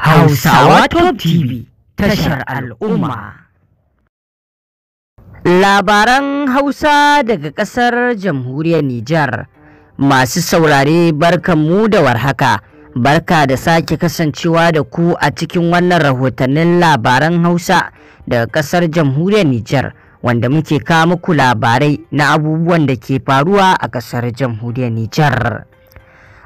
Hausawa Top TV tashar al'umma. Labaran Hausa daga ƙasar jamhuriyar Nijar masu saurare barkanmu da warhaka. Barka da sake kasancewa da ku a cikin wannan rahotannin labaran Hausa daga ƙasar jamhuriyar Nijar wanda muke kawo muku labarai na abubuwan da ke faruwa a ƙasar jamhuriyar Nijar.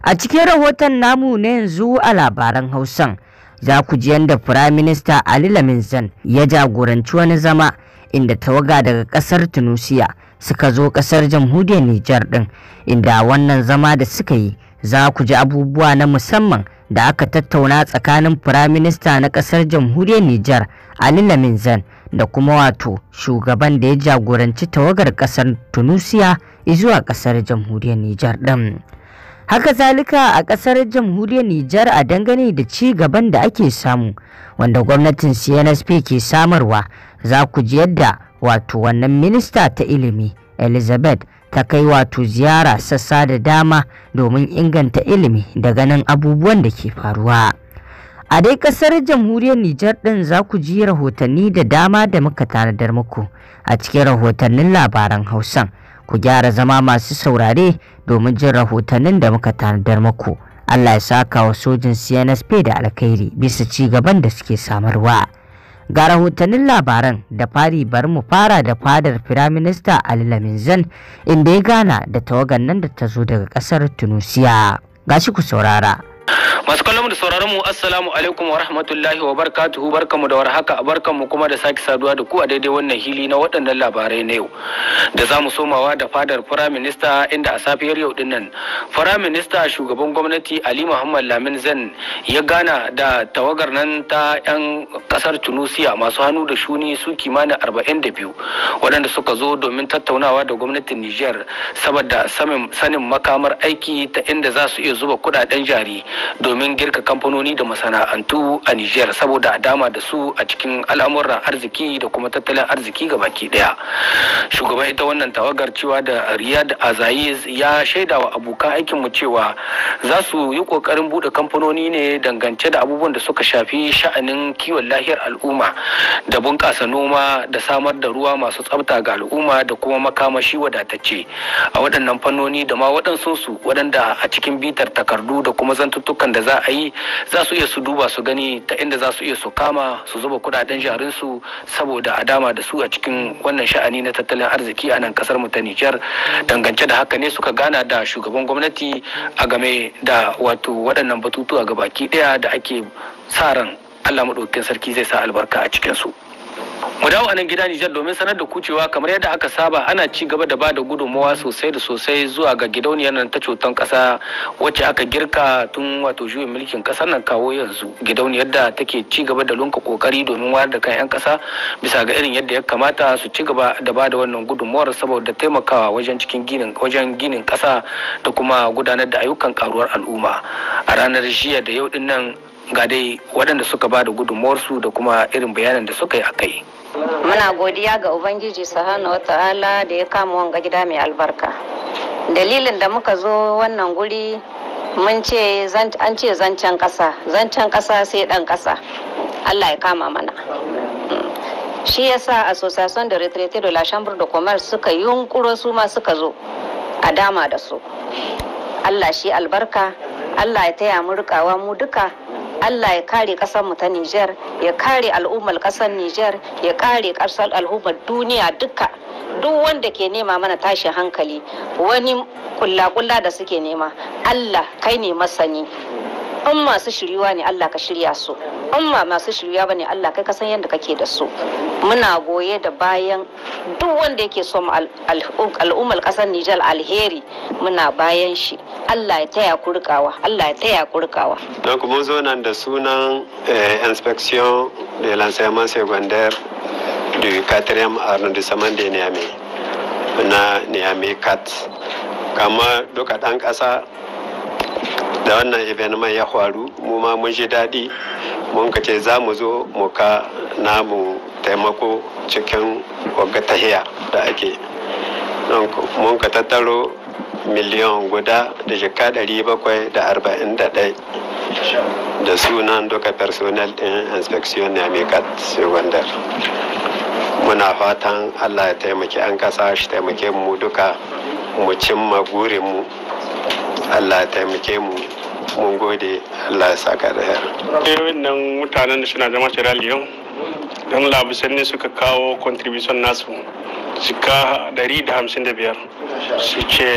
A cikin rahoton namu na yanzu a labaran Hausan za ku ji yadda firaminista ali laminsan ya jagoranci wani zama inda tawaga daga ƙasar tunisia suka zo ƙasar jamhuriyar nijar ɗin, inda wannan zama da suka yi za ku ji abubuwa na musamman da aka tattauna tsakanin firaminista na ƙasar jamhuriyar nijar ali laminsan da kuma wato shugaban da ya jagoranci tawagar ƙasar tunisia zuwa ƙasar jamhuriyar nijar din Haka zalika a ƙasar jamhuriyar Nijar a dangane da ci gaban da ake samu wanda gwamnatin CNSP ke samarwa za ku ji yadda wato wannan minista ta ilimi Elizabeth ta kai wato ziyara sassa da dama domin inganta ilimi da ganin abubuwan da ke faruwa. A dai kasar jamhuriyar Nijar ɗin za ku ji rahotanni da dama da muka tanadar muku a cikin rahotannin labaran Hausan. ku gyara zama masu saurare domin jin rahotannin da muka tanadar muku. Allah ya saka wa sojin CNSP da alkhairi bisa ci gaban da suke samarwa. Ga rahotannin labaran da fari bari mu fara da fadar Firaminista Ali Laminzan inda ya gana da tawagan nan da ta zo daga ƙasar Tunusiya. Gashi ku saurara. masu kallon da sauraron mu assalamu alaikum wa rahmatullahi wa barakatuhu barkamu da warhaka barkamu kuma da sake saduwa da ku a daidai wannan hili na waɗannan labarai na yau da zamu somawa da fadar prime minister inda a safiyar yau din nan prime minister shugaban gwamnati Ali Muhammad Lamin Zan ya gana da tawagar nan ta yan kasar Tunisia masu hannu da shuni su kimanin arba'in da biyu. waɗanda suka zo domin tattaunawa da gwamnatin Niger saboda sanin makamar aiki ta inda za su iya zuba kuɗaɗen jari domin girka kamfanoni da masana'antu a Nijar saboda a dama da su a cikin al'amuran arziki da kuma tattalin arziki ga baki ɗaya Shugaban ita wannan tawagar cewa da Riyad Azayiz ya shaida wa abokan aikin mu cewa za su yi kokarin buɗe kamfanoni ne dangance da abubuwan da suka shafi sha'anin kiwon lahiyar al'umma da bunƙasa noma da samar da ruwa masu tsafta ga al'umma da kuma makamashi wadatacce a waɗannan fannoni da ma waɗansu su waɗanda a cikin bitar takardu da kuma zantu zantukan da za a yi za su iya su duba su gani ta inda za su iya su kama su zuba kudaden jarinsu saboda a dama da su a cikin wannan sha'ani na tattalin arziki a nan kasar mu ta Nijar dangance da haka ne suka gana da shugaban gwamnati a game da wato waɗannan batutuwa baki ɗaya da ake sa ran Allah maɗaukin sarki zai sa albarka a cikinsu. Mu dawo a nan gida Nijar domin sanar da kucewa kamar yadda aka saba ana ci gaba da bada gudunmawa sosai da sosai zuwa ga gidauniyar nan ta cutan kasa wacce aka girka tun wato juyin mulkin kasar nan kawo yanzu gidauniyar da take ci gaba da lunka kokari domin wayar da kan 'yan kasa bisa ga irin yadda ya kamata su ci gaba da bada wannan gudunmawar saboda taimakawa wajen cikin ginin wajen ginin kasa da kuma gudanar da ayyukan karuwar al'umma a ranar jiya da yau din nan ga dai waɗanda suka ba da gudunmuwarsu da kuma irin bayanan da suka yi a kai. Muna godiya ga Ubangiji Sahana wa ta'ala da ya kama wanga gida mai albarka. Dalilin da muka zo wannan guri mun ce an ce zancen ƙasa, zancen ƙasa sai ɗan ƙasa. Allah ya kama mana. Shi yasa Association de Retraité de la Chambre de Commerce suka yunkuro su ma suka zo a dama da su. Allah shi albarka, Allah ya taya mu rikawa mu duka Allah ya kare kasar mu ta Niger ya kare al'ummar kasar Niger ya kare kasar al'ummar duniya duka duk wanda ke nema mana tashin hankali wani kulla-kulla da suke nema Allah kai ne masani an masu shiriwa ne Allah ka shirya su an ma masu shiriwa ba ne Allah kai ka san yadda kake da su muna goye da bayan duk wanda yake so al'ummar kasar Nijar alheri muna bayan shi Allah ya taya kurkawa Allah ya taya kurkawa don kuma zo nan da sunan eh, inspection de l'enseignement secondaire du 4e arrondissement de Niamey na Niamey 4 kama duka dan kasa. da wannan evenement ya faru mu ma mun ji daɗi mun ka ce za mu zo mu ka namu taimako cikin wagga tahiya da ake mun ka tattaro miliyan guda da jika ɗari bakwai da arba'in da ɗai da sunan duka personel ɗin inspection na mikat secondar muna fatan allah ya taimaki an ƙasa shi taimake mu duka mu cimma burinmu mu Allah ya taimake mu mun gode Allah ya saka da yar. Ƙwayoyin eh, nan mutanen da suna zama Sierra Leone don labusan ne suka kawo contribution nasu. Shika 155 suke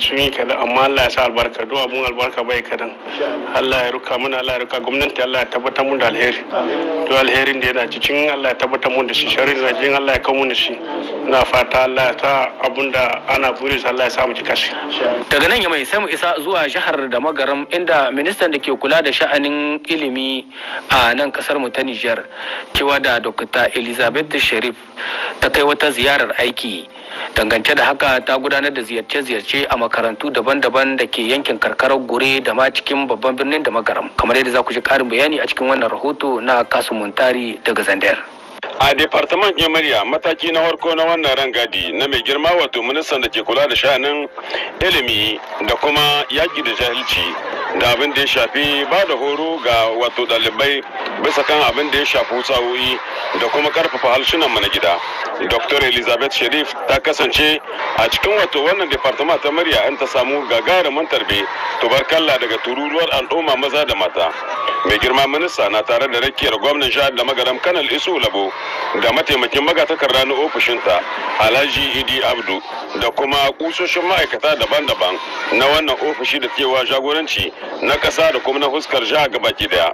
su yi kaɗan amma Allah ya sa albarka duk abun albarka bai kaɗan Allah ya ruka mana Allah ya ruka gwamnati Allah ya tabbatar mun da alheri to alherin da yana cikin Allah ya tabbatar mun da shi sharri da jin Allah ya kawo mun da shi ina fata Allah ya sa abun da ana buri Allah ya sa mu cika shi daga nan ya mai sai mu isa zuwa jihar da magaram inda ministan da ke kula da sha'anin ilimi a nan kasar mu ta Nijar cewa da Dr. Elizabeth Sharif ta kai wata ziyarar aiki dangance da haka ta gudanar da ziyarce-ziyarce a makarantu daban-daban da ke yankin karkarar gure da ma cikin babban birnin da magaram kamar yadda za ku ji karin bayani a cikin wannan rahoto na kasumuntari daga zandar a departaman murya mataki na farko na wannan rangadi na mai girma wato ministan da ke kula da sha'anin ilimi da kuma yaƙi da jahilci da abin da ya shafi ba da horo ga wato dalibai bisa kan abin da ya shafi sa'o'i da kuma karfafa harsunan mu gida dr elizabeth sharif ta kasance a cikin wato wannan departement ta murya an ta samu gagarumin tarbe kalla daga tururuwar al'umma maza da mata mai girma minista na tare da rakiyar gwamnan jihar da magaram kanal isu labo da mataimakin magatakarda na ofishinta alhaji idi abdu da kuma kusoshin ma'aikata daban-daban na wannan ofishi da cewa jagoranci na kasa da kuma na fuskar jiha gabaki daya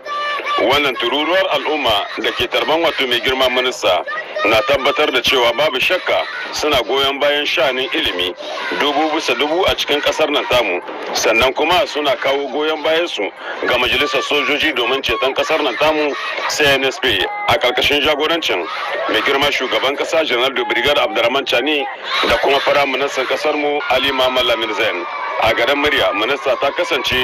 wannan tururuwar al'umma da ke tarban wato mai girma minista na tabbatar da cewa babu shakka suna goyon bayan shanin ilimi dubu bisa dubu a cikin kasar nan tamu sannan kuma suna kawo goyon bayansu ga majalisar sojoji domin ceton kasar nan tamu cnsp a karkashin jagorancin mai girma shugaban kasa janar da brigar abdurrahman chani da kuma fara ministan kasar mu ali mamman a garin murya minista ta kasance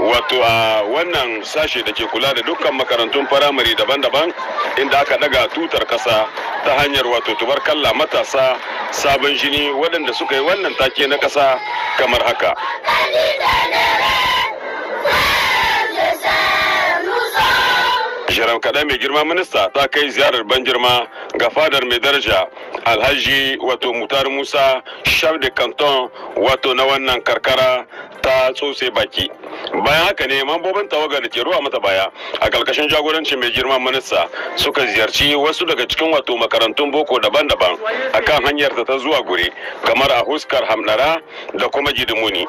wato a wannan sashe da ke kula da dukkan makarantun firamare daban-daban inda aka daga tutar kasa ta hanyar wato tubar kalla matasa sabon jini waɗanda suka yi wannan take na kasa kamar haka Jiran kaɗan mai girma minista ta kai ziyarar ban girma ga fadar mai daraja alhaji wato mutar musa shaf de canton wato na wannan karkara ta tsotse baki bayan haka ne mambobin tawaga da ke ruwa mata baya a karkashin jagoranci mai girma minista suka ziyarci wasu daga cikin wato makarantun boko daban-daban a kan hanyar ta zuwa gure kamar a huskar hamdara da kuma jidimuni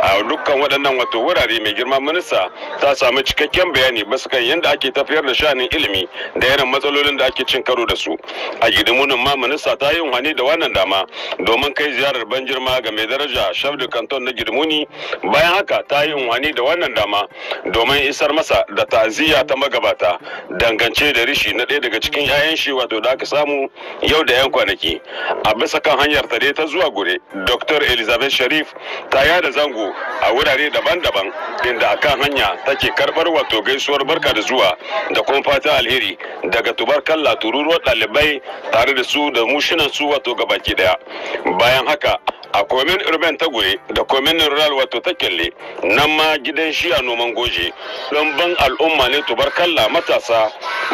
a dukkan waɗannan wato wurare mai girma minista ta sami cikakken bayani basu kan yadda ake tafiyar da shanin ilimi da irin matsalolin da ake cin karo da su a girmunin ma minista ta yi wani da wannan dama domin kai ziyarar ban girma ga mai daraja shafdu kanton na girmuni bayan haka ta yi wani da wannan dama domin isar masa da ta'aziyya ta magabata dangance da rishi na ɗaya daga cikin 'ya'yan shi wato da aka samu yau da 'yan kwanaki a bisa kan hanyar ta ta zuwa gure dr elizabeth sharif ta yada zango a wurare daban-daban inda a kan hanya take karɓar wato gaisuwar barka da zuwa da kuma fatan alheri daga tubarkalla tururuwar ɗalibai ɗalibai tare da su da mushinan su wato gabaki daya bayan haka a komin urban ta gure da komin rural wato ta kelle nan ma gidan shi a noman goje don ban al'umma ne kalla matasa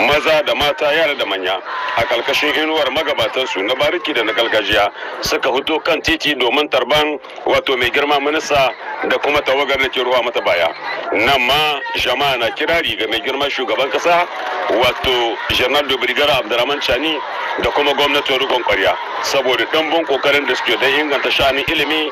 maza da mata yara da manya a kalkashin inuwar magabatansu na bariki da na gargajiya suka fito kan titi domin tarban wato mai girma minista da kuma tawagar da ke ruwa mata baya nan ma jama'a na kirari ga mai girma shugaban kasa wato janar da birgara abdurrahman chani da kuma gwamnatin rikon kwarya saboda ɗanbin kokarin da suke don inganta sha sami ilimi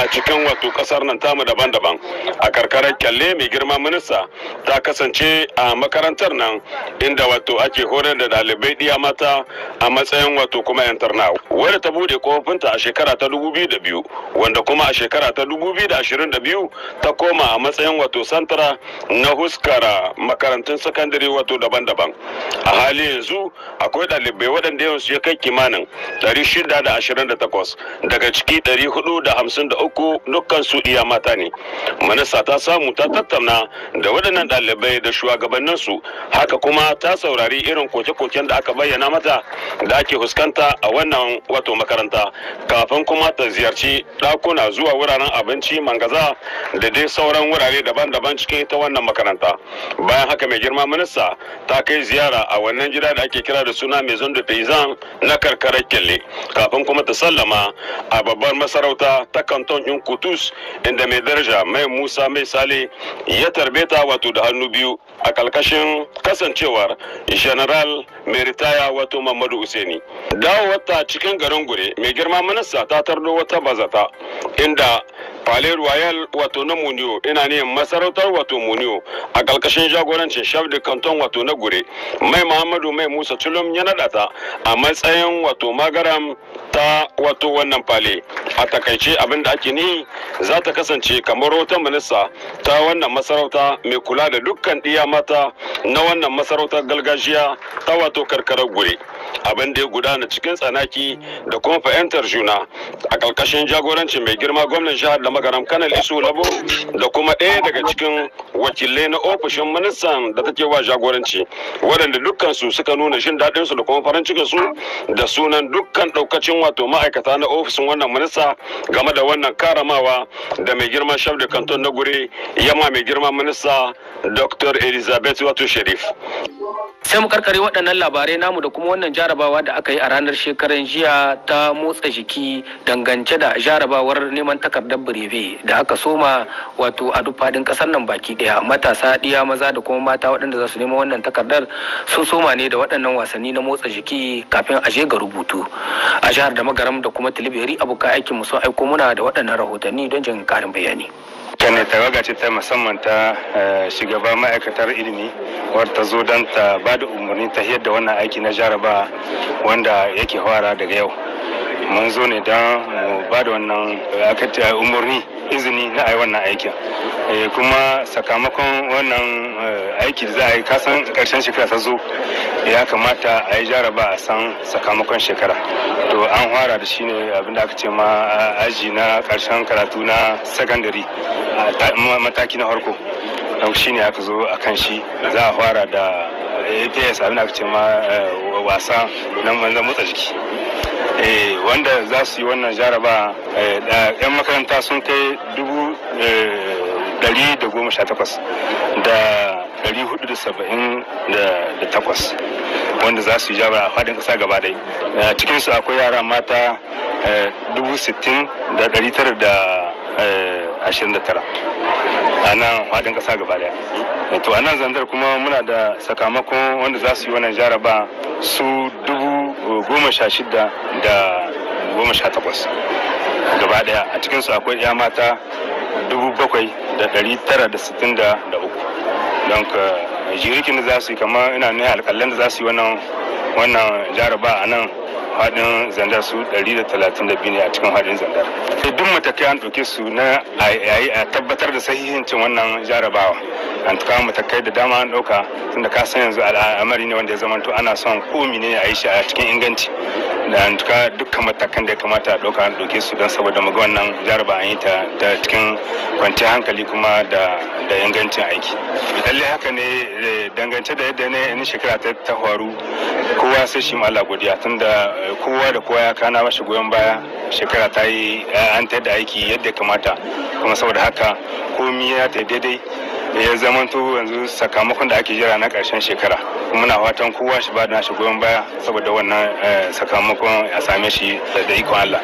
a cikin wato kasar nan tamu daban-daban a karkarar kyalle mai girma minista ta kasance a makarantar nan inda wato ake horar da dalibai diya mata a matsayin wato kuma yantarna wadda ta bude kofinta a shekara ta 2002 wanda kuma a shekara ta 2022 ta koma a matsayin wato santara na huskara makarantun sakandare wato daban-daban a hali yanzu akwai dalibai waɗanda yawansu ya kai kimanin 628 daga ciki hudu da da hamsin uku dukkansu iya mata ne manasa ta samu ta tattauna da waɗannan ɗalibai da shugabanninsu haka kuma ta saurari irin koke-koken da aka bayyana mata da ake fuskanta a wannan wato makaranta kafin kuma ta ziyarci ɗakuna zuwa wuraren abinci mangaza da dai sauran wurare daban-daban cikin ita wannan makaranta bayan haka mai girma minista ta kai ziyara a wannan gida da ake kira da suna mai de peizan na karkarar kyalle kafin kuma ta sallama a babbar masarauta ta kanton in kutus inda mai daraja mai musa mai sale ya tarbe ta wato da hannu biyu a kalkashin kasancewar general mai ritaya wato Muhammadu Useni. Dawowarta cikin garin Gure mai girma minista ta tardo wata bazata inda fale Royal wato na Muniyo ina ne masarautar wato Muniyo a ƙarƙashin jagorancin Shaf de Canton wato na Gure. Mai Muhammadu Mai Musa Tulum ya naɗa ta a matsayin wato magaram ta wato wannan fale. A takaice abin da ake nihi za ta kasance kamar wata minista ta wannan masarauta mai kula da dukkan iya mata na wannan masarautar gargajiya ta wato karkarar Gure. abin da ya gudana cikin tsanaki da kuma fahimtar juna a ƙarƙashin jagorancin mai girma gwamnan jihar da magaram kanal isu labo da kuma ɗaya daga cikin wakilai na ofishin ministan da take wa jagoranci waɗanda dukkan su suka nuna jin daɗin su da kuma farin cikin su da sunan dukkan ɗaukacin wato ma'aikata na ofishin wannan minista game da wannan karamawa da mai girma shafda kanton na gure yamma mai girma minista dr elizabeth wato sharif sai mu karkare waɗannan labarai namu da kuma wannan jarabawa da aka yi a ranar shekaran jiya ta motsa jiki dangance da jarabawar neman takardar birebe da aka soma wato a duk fadin kasar nan baki daya matasa diya maza da kuma mata waɗanda za su nema wannan takardar sun soma ne da waɗannan wasanni na motsa jiki kafin aje ga rubutu a jihar da magaram da kuma tilibiri abokan aikin mu sun aiko muna da waɗannan rahotanni don jin karin bayani. haka ne tawaga ce ta musamman ta eh, shugaba ma'aikatar ilimi wadda ta zo don ta ba da umarni ta da wannan aiki na jaraba wanda yake fara daga yau mun zo ne don mu ba da wannan akata umarni izini na a yi wannan aikin eh, kuma sakamakon wannan eh, aiki za a yi kasan karshen shekara ta zo ya kamata a yi jaraba a san sakamakon shekara to an fara da shi ne abinda aka ce ma aji na karshen karatu na sakandare mataki na harko don shi ne aka zo a shi za a fara da eh, aps abinda aka ce ma wasa na motsa jiki Eh, wanda za su yi wannan jaraba yan eh, makaranta sun kai dubu dari eh, da goma sha takwas da dari hudu da saba'in da takwas wanda za su yi jaraba a faɗin ƙasa gaba cikin cikinsu akwai yara mata dubu sittin da dari tara da ashirin da tara a nan faɗin ƙasa gaba ɗaya to a nan zandar kuma muna da sakamakon wanda za su yi wannan jaraba su dubu goma sha shida da goma sha takwas gaba daya a cikinsu akwai ya mata dubu bakwai da dari tara da sittin da uku don ka jirikin da za su yi kamar ina ne alƙalan da za su yi wannan wannan jaraba a nan haɗin zandar su da da talatin biyu ne a cikin haɗin zandar sai duk matakai an ɗauke su na a tabbatar da sahihincin wannan jarabawa an kawo matakai da dama an ɗauka tunda ka san yanzu al'amari ne wanda ya zamanta ana son ko ne a yi shi a cikin inganci da an tuka dukkan matakan da ya kamata a ɗauka an ɗauke su don saboda mu ga wannan jaraba an yi ta da cikin kwanciyar hankali kuma da ingancin aiki lalle haka ne eh, dangance da yadda ne in shekara ta ta faru kowa sai shi Allah godiya tunda eh, kowa da kowa ya kana mashi goyon baya shekara ta yi eh, an ta da aiki yadda ya kamata kuma saboda haka komi ya ta daidai ya to yanzu sakamakon da ake jira na karshen shekara muna fatan kowa shi ba da shi goyon baya saboda wannan eh, sakamakon a same shi da ikon Allah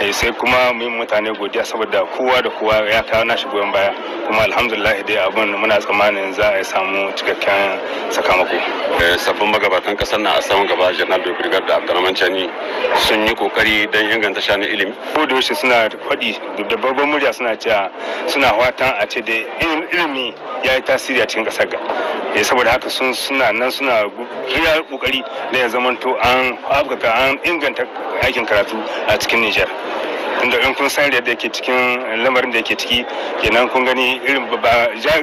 eh, sai kuma mu mutane godiya saboda kowa da kowa ya kawo shi goyon baya kuma alhamdulillah dai abun muna tsammanin za a samu cikakken sakamako eh, sabbin magabatan kasar na a saman gaba janar da birgar da abdulrahman chani sun yi kokari don inganta shanin ilimi ko da yaushe suna faɗi da babban murya suna cewa suna watan a ce da ilimi ya yi tasiri a cikin ƙasar ga ya eh, saboda haka sun suna nan suna iya kokari da ya zamanto an afirka an inganta aikin karatu a cikin nijar inda in kun san yadda yake cikin lamarin da yake ciki kenan kun gani irin ba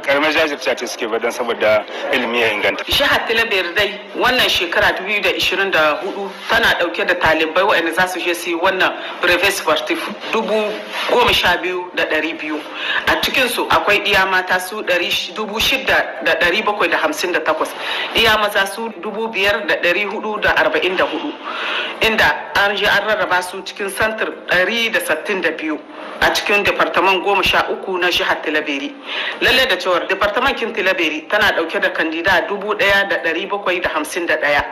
karamar jajirce ce suke ba don saboda ilimi ya inganta. Jihar Talabiyar dai wannan shekara 2024 tana dauke da talibai waɗanda za su je su yi wannan brevet sportif dubu goma sha biyu da ɗari biyu a cikinsu akwai iya mata su dubu shida da ɗari bakwai da hamsin da takwas iya maza su dubu biyar da ɗari hudu da arba'in da hudu inda an je an rarraba su cikin santir ɗari da biyu a cikin departaman goma sha uku na jihar tilaberi lalle da cewar kin tilaberi tana dauke da kandida dubu daya da dari bakwai da hamsin da daya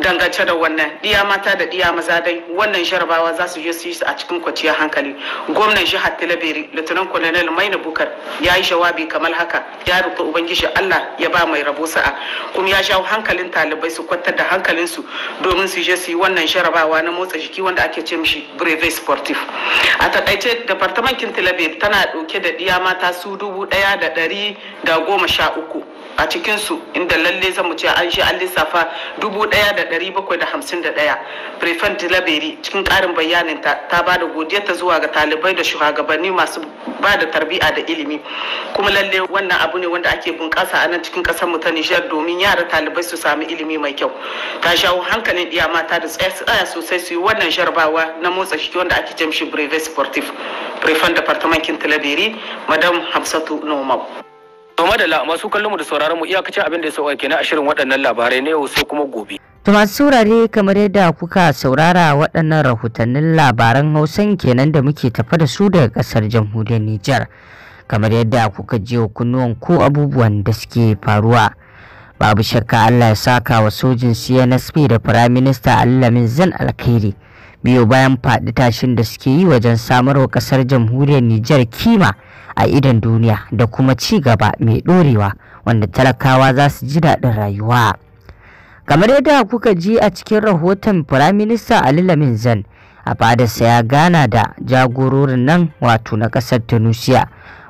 dangance da wannan diya mata da diya maza dai wannan jarabawa za su je su yi su a cikin kwaciyar hankali gwamnan jihar tilaberi litinin kolonel maina bukar ya yi jawabi kamar haka ya rufe ubangiji allah ya ba mai rabo sa'a kuma ya jawo hankalin talibai su kwantar da hankalinsu domin su je su yi wannan jarabawa na motsa jiki wanda ake ce mishi Breve sportif a takaice departamentin tel aviv tana dauke da ɗiya mata su dubu daya da dari da goma sha uku a cikinsu inda lalle zamu ce an shi an lissafa dubu bakwai da da ɗaya prefan dilaberi cikin karin bayanin ta ba da godiyarta zuwa ga talibai da shugabanni masu ba da tarbiya da ilimi kuma lalle wannan abu ne wanda ake bunƙasa a nan cikin ƙasar mu ta nijar domin yara talibai su sami ilimi mai kyau ta shawo hankalin iya mata da tsaya sosai su yi wannan jarabawa na motsa shi wanda ake jamshi brevet sportif prefan departamentin dilaberi madam hamsatu nomau To madalla masu kallon mu da sauraron mu iyakacin abin da ya sauka kenan a shirin waɗannan labarai na yau sai kuma gobe. To masu saurare kamar yadda kuka saurara waɗannan rahotannin labaran Hausan kenan da muke tafa da su daga ƙasar jamhuriyar Nijar. Kamar yadda kuka je kunnuwan ko abubuwan da suke faruwa. Babu shakka Allah ya saka wa sojin CNSP da Firayim Minista Alamin Zan Alkhairi. Biyo bayan faɗi tashin da suke yi wajen samarwa ƙasar jamhuriyar Nijar kima. a idon duniya da kuma ci gaba mai ɗorewa wanda talakawa za su ji daɗin rayuwa kamar yadda kuka ji a cikin rahoton firaminista ali lamin zan a fadarsa ya gana da jagororin nan wato na ƙasar tunisia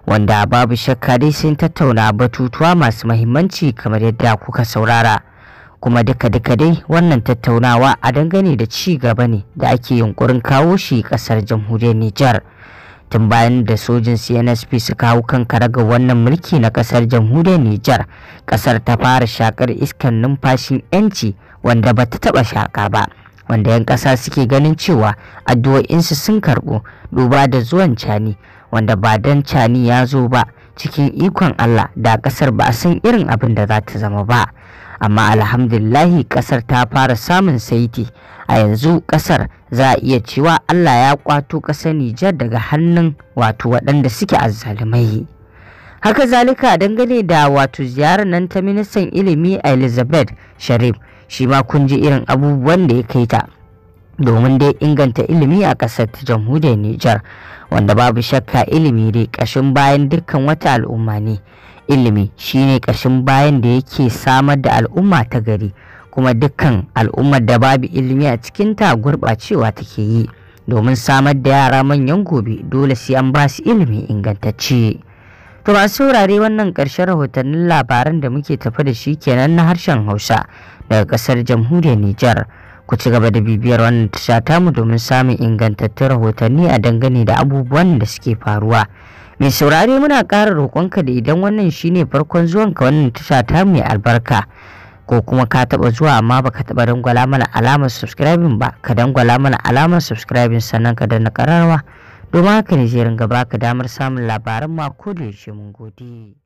wanda babu shakka dai sun tattauna batutuwa masu mahimmanci kamar yadda kuka saurara kuma duka-duka dai wannan tattaunawa a dangane da ci gaba ne da ake yunkurin kawo shi ƙasar jamhuriyar Nijar. tun bayan da sojin cnsp suka hau kan karaga wannan mulki na kasar jamhuriyar nijar kasar ta fara shakar iskar numfashin yanci wanda ba ta taba shaka ba wanda 'yan kasa suke ganin cewa addu'o'insu sun karɓo duba da zuwan cani wanda ba dan cani ya zo ba cikin ikon allah da kasar ba a san irin abin da za ta zama ba amma alhamdulillahi kasar ta fara samun saiti a yanzu kasar za a iya cewa Allah ya kwato kasar Nijar daga hannun wato waɗanda suke azzalumai. Haka zalika dangane da wato ziyarar nan ta ministan ilimi a Elizabeth Sharif shi ma kun ji irin abubuwan da ya kai ta domin dai inganta ilimi a ƙasar ta jamhuriyar Nijar wanda babu shakka ilimi dai ƙashin bayan dukkan wata al'umma ne. Ilimi shine ƙashin bayan da yake samar da al'umma ta gari. kuma dukkan al'ummar da babu ilimi a cikinta gurɓacewa take yi domin samar da yara manyan gobe dole sai an ba su ilimi ingantacce to masu saurare wannan ƙarshen rahotannin labaran da muke tafi da shi kenan na harshen hausa daga ƙasar jamhuriyar nijar ku ci gaba da bibiyar wannan tasha tamu domin samun ingantattun rahotanni a dangane da abubuwan da suke faruwa mai saurare muna ƙara roƙonka da idan wannan shine farkon zuwanka wannan tasha tamu mai albarka ko kuma ka taɓa zuwa amma baka taɓa dangwala mana alamar subscribing ba ka dangwala mana alamar subscribing sannan ka danna kararwa domin haka ne zai ringa baka damar samun labaran mako da yake mun gode